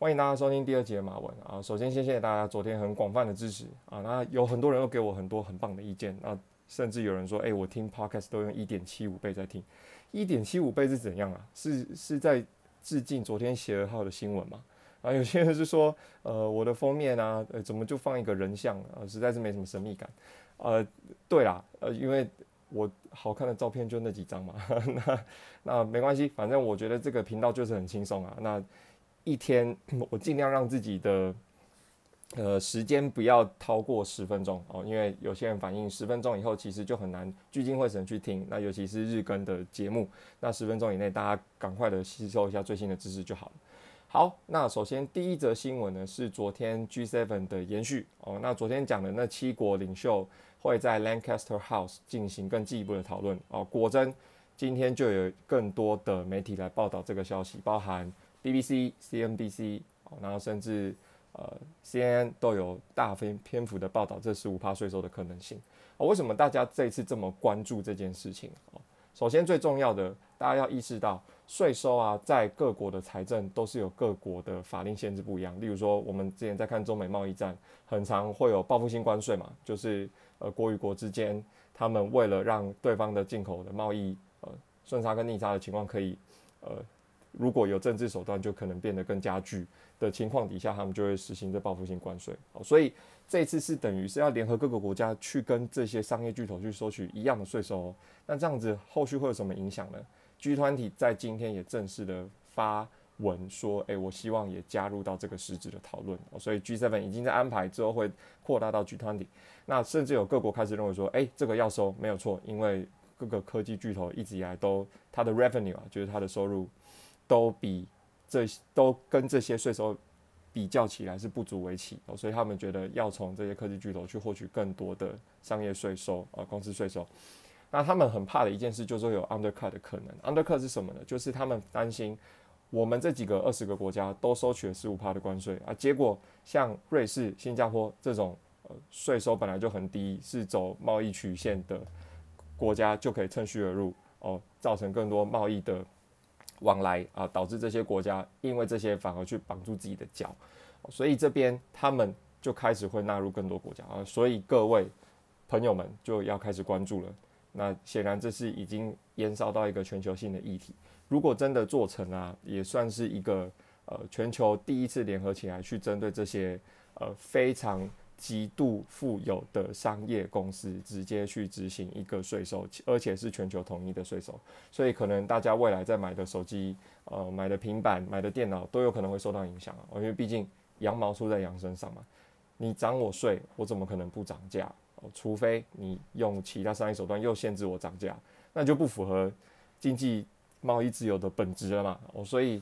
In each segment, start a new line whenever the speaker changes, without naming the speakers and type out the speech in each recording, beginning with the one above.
歡迎大家收聽第二集的馬文啊！首先，謝謝大家昨天很廣泛的支持啊！那、啊、有很多人都給我很多很棒的意見啊，甚至有人說：“誒、欸，我聽 podcast 都用一點七五倍在聽，一點七五倍是怎樣啊？是是在致敬昨天協和號的新聞嗎？”啊，有些人是說：“呃，我的封面啊，呃，怎麼就放一個人像啊？實在是沒什麼神秘感。啊”呃，對啦，呃，因為我好看的照片就那幾張嘛，呵呵，那，那沒關係，反正我覺得這個頻道就是很輕鬆啊，那。一天，我儘量讓自己的呃時間不要超過十分鐘哦，因為有些人反映十分鐘以後其實就很難聚精會神去聽。那尤其是日更的節目，那十分鐘以內大家趕快的吸收一下最新的知識就好了。好，那首先第一則新聞呢是昨天 G7 的延續哦，那昨天講的那七國領袖會在 Lancaster House 進行更進一步的討論哦。果真，今天就有更多的媒體來報道這個消息，包含。BBC、CNBC，然後甚至呃 CNN 都有大篇篇幅的報道這十五%稅收的可能性。為什麼大家這次這麼關注這件事情？首先最重要的，大家要意識到稅收啊，在各國的財政都是有各國的法令限制不一樣。例如說，我們之前在看中美貿易戰，很常會有報復性關稅嘛，就是呃國與國之間，他們為了讓對方的進口的貿易呃順差跟逆差的情況可以呃。如果有政治手段，就可能變得更加劇的情況底下，他們就會實行這報復性關稅。好，所以這次是等於是要聯合各個國家去跟這些商業巨頭去收取一樣的稅收、哦。那這樣子後續會有什麼影響呢？G 團體在今天也正式的發文說：“誒、欸，我希望也加入到這個實質的討論。哦”所以 G seven 已經在安排之後會擴大到 G twenty。那甚至有各國開始認為說：“誒、欸，這個要收沒有錯，因為各個科技巨頭一直以來都它的 revenue 啊，就是它的收入。”都比這些都跟這些稅收比較起來是不足為奇、哦，所以他們覺得要從這些科技巨頭去獲取更多的商業稅收啊、呃，公司稅收。那他們很怕的一件事就是說有 undercut 的可能。undercut 是什麼呢？就是他們擔心我們這幾個二十個國家都收取了十五趴的關稅啊，結果像瑞士、新加坡這種、呃、稅收本來就很低，是走貿易曲線的國家就可以趁虛而入哦、呃，造成更多貿易的。往來啊，導致這些國家因為這些反而去綁住自己的腳，所以這邊他們就開始會納入更多國家啊，所以各位朋友們就要開始關注了。那顯然這是已經延燒到一個全球性的議題，如果真的做成啊，也算是一個呃全球第一次聯合起來去針對這些呃非常。極度富有的商業公司直接去執行一個稅收，而且是全球統一的稅收，所以可能大家未來在買的手機、呃買的平板、買的電腦都有可能會受到影響啊，因為畢竟羊毛出在羊身上嘛，你漲我稅，我怎麼可能不漲價？哦，除非你用其他商業手段又限制我漲價，那就不符合經濟貿易自由的本質了嘛。哦，所以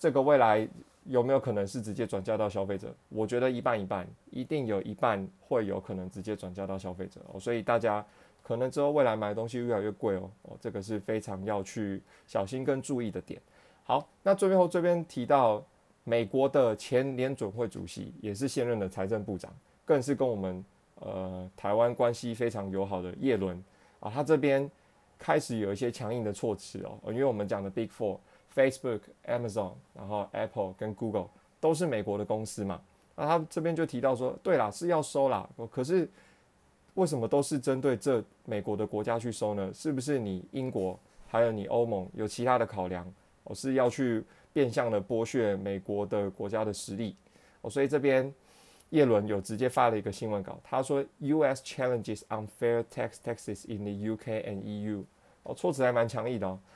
這個未來。有沒有可能是直接轉嫁到消費者？我覺得一半一半，一定有一半會有可能直接轉嫁到消費者哦。所以大家可能之後未來買的東西越來越貴哦。哦，這個是非常要去小心跟注意的點。好，那最後這邊提到美國的前聯準會主席，也是現任的財政部長，更是跟我們呃台灣關係非常友好的葉倫啊，他這邊開始有一些強硬的措辭哦。因為我們講的 Big Four。Facebook、Amazon，然後 Apple 跟 Google 都是美國的公司嘛，那他這邊就提到說，對啦，是要收啦，可是為什麼都是針對這美國的國家去收呢？是不是你英國還有你歐盟有其他的考量？哦，是要去變相的剝削美國的國家的實力？哦，所以這邊葉倫有直接發了一個新聞稿，他說：“U.S. challenges unfair tax taxes in the U.K. and EU。”哦，措辭還蠻強硬的哦。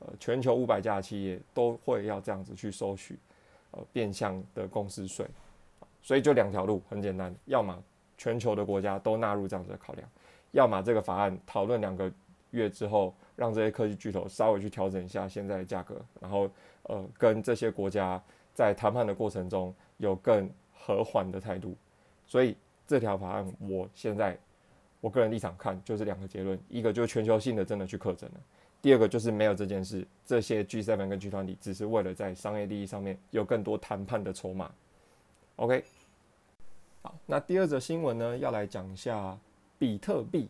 呃，全球五百家企業都會要這樣子去收取，呃，變相的公司稅，所以就兩條路，很簡單，要麼全球的國家都納入這樣子的考量要麼這個法案討論兩個月之後，讓這些科技巨頭稍微去調整一下現在的價格，然後呃，跟這些國家在談判的過程中有更和緩的態度，所以這條法案我現在，我個人立場看，就是兩個結論：一個就是全球性的真的去課徵了；第二個就是沒有這件事，這些 G7 跟 G20 只是為了在商業利益上面有更多談判的籌碼。OK，好，那第二則新聞呢，要來講一下比特幣，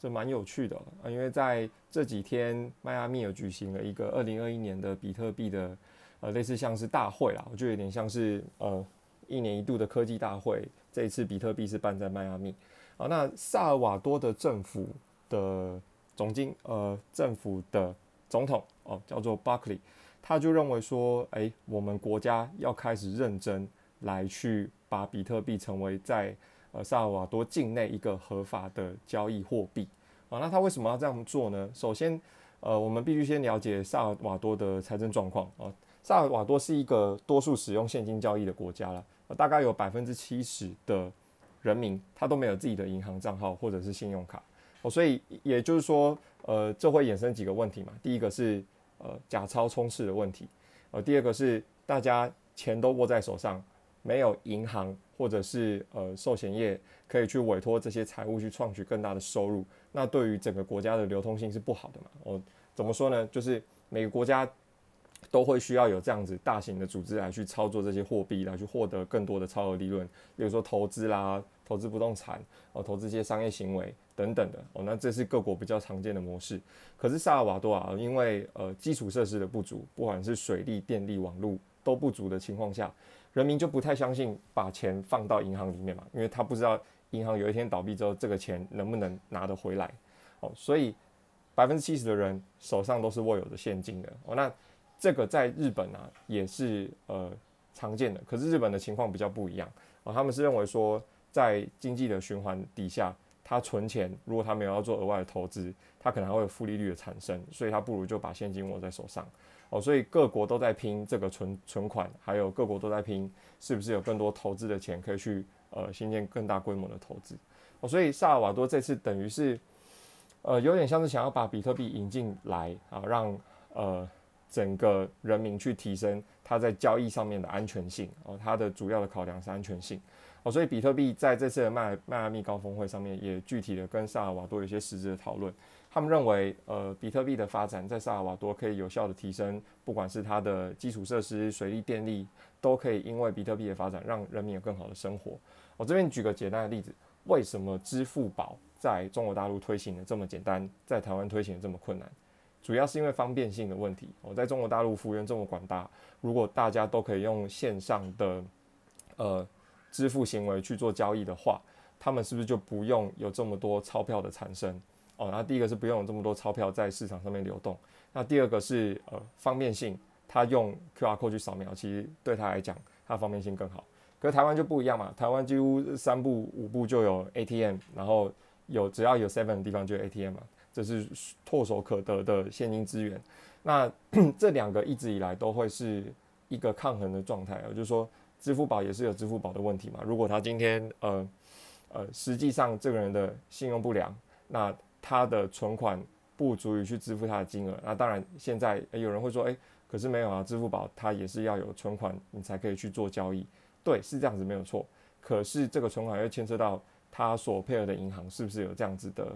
這蠻有趣的、哦、啊，因為在這幾天，邁阿密又舉行了一個二零二一年的比特幣的呃類似像是大會啦，我覺得有點像是呃一年一度的科技大會。這一次比特幣是辦在邁阿密。啊、哦，那薩爾瓦多的政府的總經，呃，政府的總統哦，叫做 Buckley，他就認為說、欸，我們國家要開始認真來去把比特幣成為在呃薩爾瓦多境內一個合法的交易貨幣。啊、哦，那他為什麼要這樣做呢？首先，呃，我們必須先了解薩爾瓦多的財政狀況。啊、哦，薩爾瓦多是一個多數使用現金交易的國家了、呃，大概有百分之七十的。人民他都沒有自己的銀行賬號或者是信用卡哦，所以也就是說，呃，這會衍生幾個問題嘛。第一個是呃假鈔充斥的問題，呃，第二個是大家錢都握在手上，沒有銀行或者是呃壽險業可以去委托這些財務去創取更大的收入，那對於整個國家的流通性是不好的嘛。哦，怎麼說呢？就是每個國家，都會需要有這樣子大型的組織來去操作這些貨幣，來去獲得更多的超額利潤，比如說投資啦、投資不動產哦、投資一些商業行為等等的哦。那這是各國比較常見的模式。可是薩爾瓦多啊，因為呃基礎設施的不足，不管是水利、電力、網絡都不足的情況下，人民就不太相信把錢放到銀行裡面嘛，因為他不知道銀行有一天倒閉之後，這個錢能不能拿得回來哦。所以百分之七十的人手上都是握有的現金的哦。那這個在日本啊也是呃常見的，可是日本的情況比較不一樣啊、呃，他們是認為說在經濟的循環底下，他存錢，如果他沒有要做額外的投資，他可能還會有負利率的產生，所以他不如就把現金握在手上哦、呃，所以各國都在拼這個存存款，還有各國都在拼是不是有更多投資的錢可以去呃新建更大規模的投資哦、呃，所以薩爾瓦多這次等於是呃有點像是想要把比特幣引進來啊、呃，讓呃。整個人民去提升他在交易上面的安全性，哦，他的主要的考量是安全性，哦，所以比特幣在這次的邁邁阿密高峰會上面也具體的跟薩爾瓦多有一些實質的討論，他們認為，呃，比特幣的發展在薩爾瓦多可以有效的提升，不管是他的基礎設施、水利、電力，都可以因為比特幣的發展讓人民有更好的生活。我，哦，這邊舉個簡單的例子，為什麼支付寶在中國大陸推行的這麼簡單，在台灣推行的這麼困難？主要是因為方便性的問題。我、哦、在中國大陸幅員這麼廣大，如果大家都可以用線上的呃支付行為去做交易的話，他們是不是就不用有這麼多鈔票的產生？哦，然後第一個是不用有這麼多鈔票在市場上面流動。那第二個是呃方便性，他用 QR code 去掃描，其實對他來講，它方便性更好。可是台灣就不一樣嘛，台灣幾乎三步五步就有 ATM，然後有只要有 seven 的地方就有 ATM 嘛。這是唾手可得的現金資源，那 這兩個一直以來都會是一個抗衡的狀態，也就是說支付寶也是有支付寶的問題嘛。如果他今天呃呃，實際上這個人的信用不良，那他的存款不足以去支付他的金額。那當然，現在、欸、有人會說，誒、欸，可是沒有啊，支付寶它也是要有存款你才可以去做交易，對，是這樣子沒有錯。可是這個存款又牽涉到他所配合的銀行是不是有這樣子的。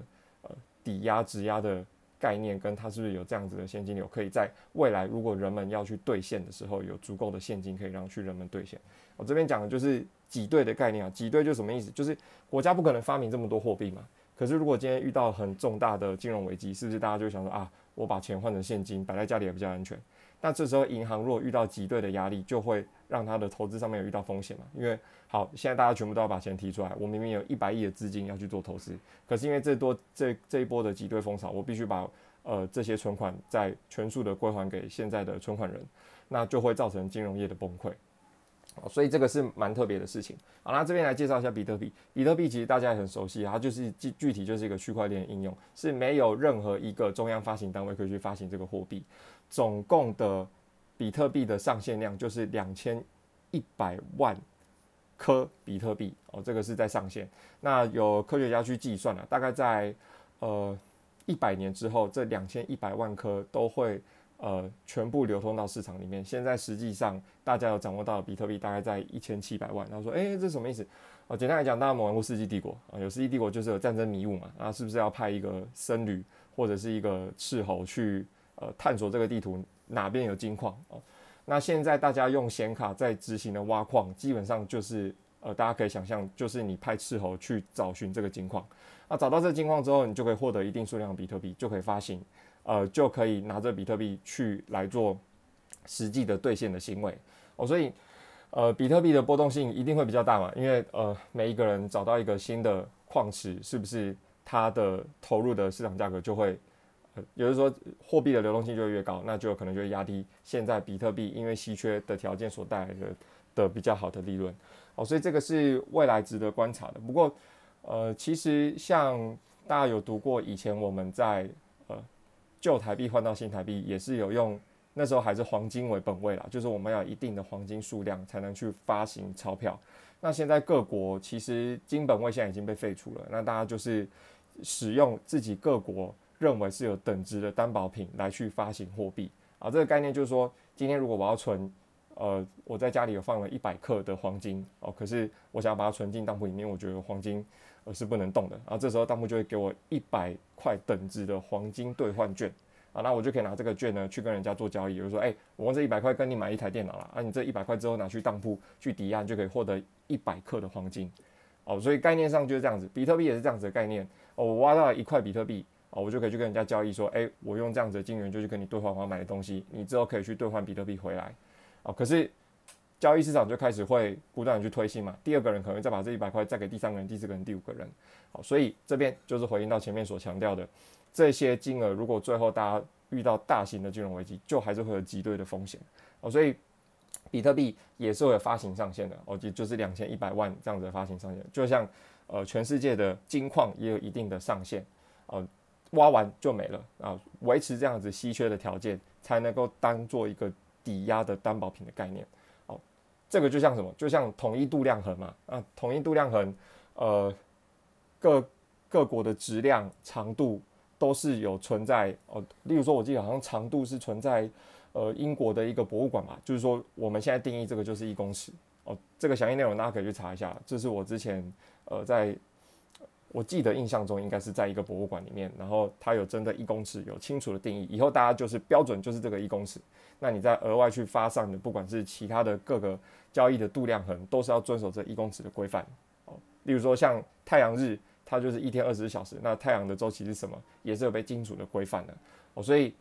抵押、質押的概念，跟它是不是有這樣子的現金流，可以在未來如果人們要去兌現的時候，有足夠的現金可以讓去人們兌現。我這邊講的就是擠兌的概念啊，擠兌就什麼意思？就是國家不可能發明這麼多貨幣嘛。可是如果今天遇到很重大的金融危機，是不是大家就想說啊，我把錢換成現金，擺在家裡也比較安全？那這時候銀行如果遇到擠兌的壓力，就會。讓他的投資上面有遇到風險嘛？因為好，現在大家全部都要把錢提出來，我明明有一百億的資金要去做投資，可是因為這多這這一波的擠兌風潮，我必須把呃這些存款再全數的歸還給現在的存款人，那就會造成金融業的崩潰。所以這個是蠻特別的事情。好，那這邊來介紹一下比特幣。比特幣其實大家也很熟悉，它就是具具體就是一個區塊鏈應用，是沒有任何一個中央發行單位可以去發行這個貨幣，總共的。比特幣的上限量就是兩千一百萬顆比特幣哦，這個是在上限。那有科學家去計算了，啊，大概在呃一百年之後，這兩千一百萬顆都會呃全部流通到市場裡面。現在實際上大家有掌握到比特幣大概在一千七百萬。他說：“哎，這什麼意思？”哦，簡單來講，那我們玩過《世紀帝國》啊，有《世紀帝國》就是有戰爭迷霧嘛，啊，是不是要派一個僧侶或者是一個斥候去呃探索這個地圖？哪邊有金礦、呃、那現在大家用顯卡在執行的挖礦，基本上就是呃，大家可以想象，就是你派斥候去找尋這個金礦。那、啊、找到這個金礦之後，你就可以獲得一定數量的比特幣，就可以發行，呃，就可以拿着比特幣去來做實際的兌現的行為。哦、呃，所以呃，比特幣的波動性一定會比較大嘛？因為呃，每一個人找到一個新的礦池，是不是他的投入的市場價格就會？也就是說，貨幣的流動性就會越高，那就有可能就會壓低現在比特幣因為稀缺的條件所帶來的的比較好的利潤。哦，所以這個是未來值得觀察的。不過，呃，其實像大家有讀過以前我們在呃舊台幣換到新台幣也是有用，那時候還是黃金為本位啦，就是我們要一定的黃金數量才能去發行鈔票。那現在各國其實金本位現在已經被廢除了，那大家就是使用自己各國。認為是有等值的擔保品來去發行貨幣啊，這個概念就是說，今天如果我要存，呃，我在家裡有放了一百克的黃金哦，可是我想要把它存進當鋪裡面，我覺得黃金呃是不能動的，然後這時候當鋪就會給我一百塊等值的黃金兌換券啊，那我就可以拿這個券呢去跟人家做交易，比如說，誒，我用這一百塊跟你買一台電腦了，那你這一百塊之後拿去當鋪去抵押，就可以獲得一百克的黃金哦，所以概念上就是這樣子，比特幣也是這樣子的概念哦，我挖到了一塊比特幣。哦、我就可以去跟人家交易，說，哎、欸，我用這樣子的金元就去跟你兌換我要買的東西，你之後可以去兌換比特幣回來。好、哦，可是交易市場就開始會不斷的去推新嘛？第二個人可能再把這一百塊再給第三個人、第四個人、第五個人。好、哦，所以這邊就是回應到前面所強調的，這些金額如果最後大家遇到大型的金融危機，就還是會有擠兌的風險。哦，所以比特幣也是會有發行上限的，哦，也就是兩千一百萬這樣子的發行上限，就像呃全世界的金礦也有一定的上限，哦、呃。挖完就沒了啊！維持這樣子稀缺的條件，才能夠當做一個抵押的擔保品的概念。哦，這個就像什麼？就像統一度量衡嘛。啊，統一度量衡，呃，各各國的質量、長度都是有存在哦。例如說，我記得好像長度是存在呃英國的一個博物館嘛。就是說，我們現在定義這個就是一公尺哦。這個詳細內容大家可以去查一下。這是我之前呃在。我記得印象中應該是在一個博物館裡面，然後它有真的“一公尺”有清楚的定義，以後大家就是標準就是這個一公尺。那你再額外去發散，的，不管是其他的各個交易的度量衡，都是要遵守這一公尺的規範。哦，例如說像太陽日，它就是一天二十四小時，那太陽的週期是什麼，也是有被清楚的規範的。哦，所以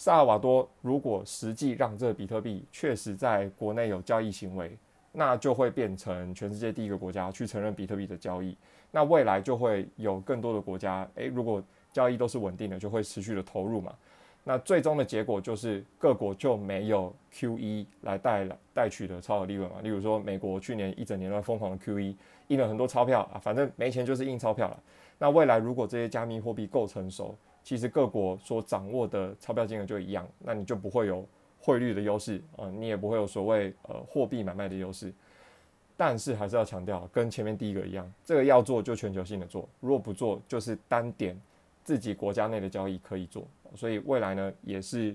薩爾瓦多如果實際讓這比特幣確實在國內有交易行為。那就會變成全世界第一個國家去承認比特幣的交易，那未來就會有更多的國家，誒、欸，如果交易都是穩定的，就會持續的投入嘛。那最終的結果就是各國就沒有 QE 來帶來帶取的超額利潤嘛。例如說，美國去年一整年的瘋狂的 QE，印了很多鈔票啊，反正沒錢就是印鈔票了。那未來如果這些加密貨幣夠成熟，其實各國所掌握的鈔票金額就一樣，那你就不會有。匯率的優勢啊，你也不會有所謂呃貨幣買賣的優勢，但是還是要強調，跟前面第一個一樣，這個要做就全球性的做，如果不做就是單點自己國家內的交易可以做，所以未來呢也是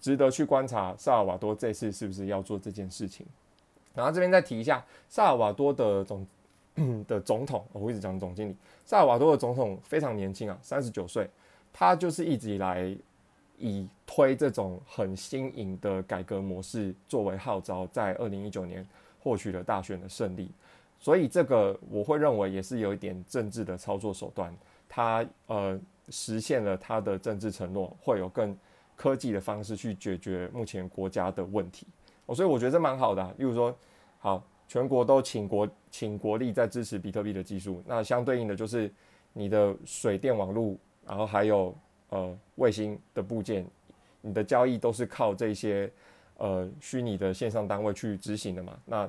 值得去觀察薩爾瓦多這次是不是要做這件事情。然後這邊再提一下，薩爾瓦多的總的總統，哦，我一直講總經理，薩爾瓦多的總統非常年輕啊，三十九歲，他就是一直以來。以推這種很新穎的改革模式作為號召，在二零一九年獲取了大選的勝利，所以這個我會認為也是有一點政治的操作手段，它呃實現了它的政治承諾，會有更科技的方式去解決目前國家的問題，我、哦、所以我覺得這蠻好的、啊，例如說，好全國都請國請國力在支持比特幣的技術，那相對應的就是你的水電網路，然後還有。呃，衛星的部件，你的交易都是靠這些呃虛擬的線上單位去執行的嘛？那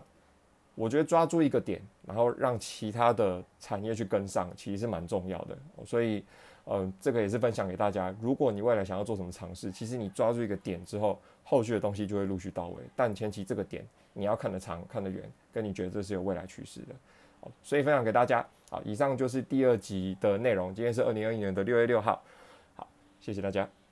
我覺得抓住一個點，然後讓其他的產業去跟上，其實是蠻重要的。哦，所以，呃，這個也是分享給大家。如果你未來想要做什麼嘗試，其實你抓住一個點之後，後續的東西就會陸續到位。但前期這個點，你要看得長，看得遠，跟你覺得這是有未來趨勢的。好，所以分享給大家。好，以上就是第二集的內容。今天是二零二一年的六月六號。謝謝大家。